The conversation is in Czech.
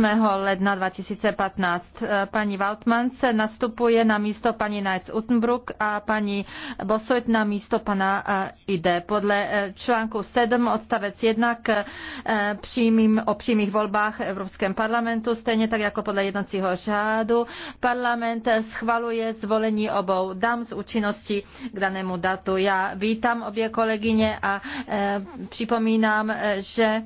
ledna 2015. Paní se nastupuje na místo paní Neitz Utenbruck a paní Bosoit na místo pana eh, Ide. Podle eh, článku 7 odstavec 1 k eh, přímým, o přímých volbách v Evropském parlamentu, stejně tak jako podle jednacího řádu, parlament schvaluje zvolení obou dám z účinnosti k danému datu. Já vítám obě kolegyně a připomínám, že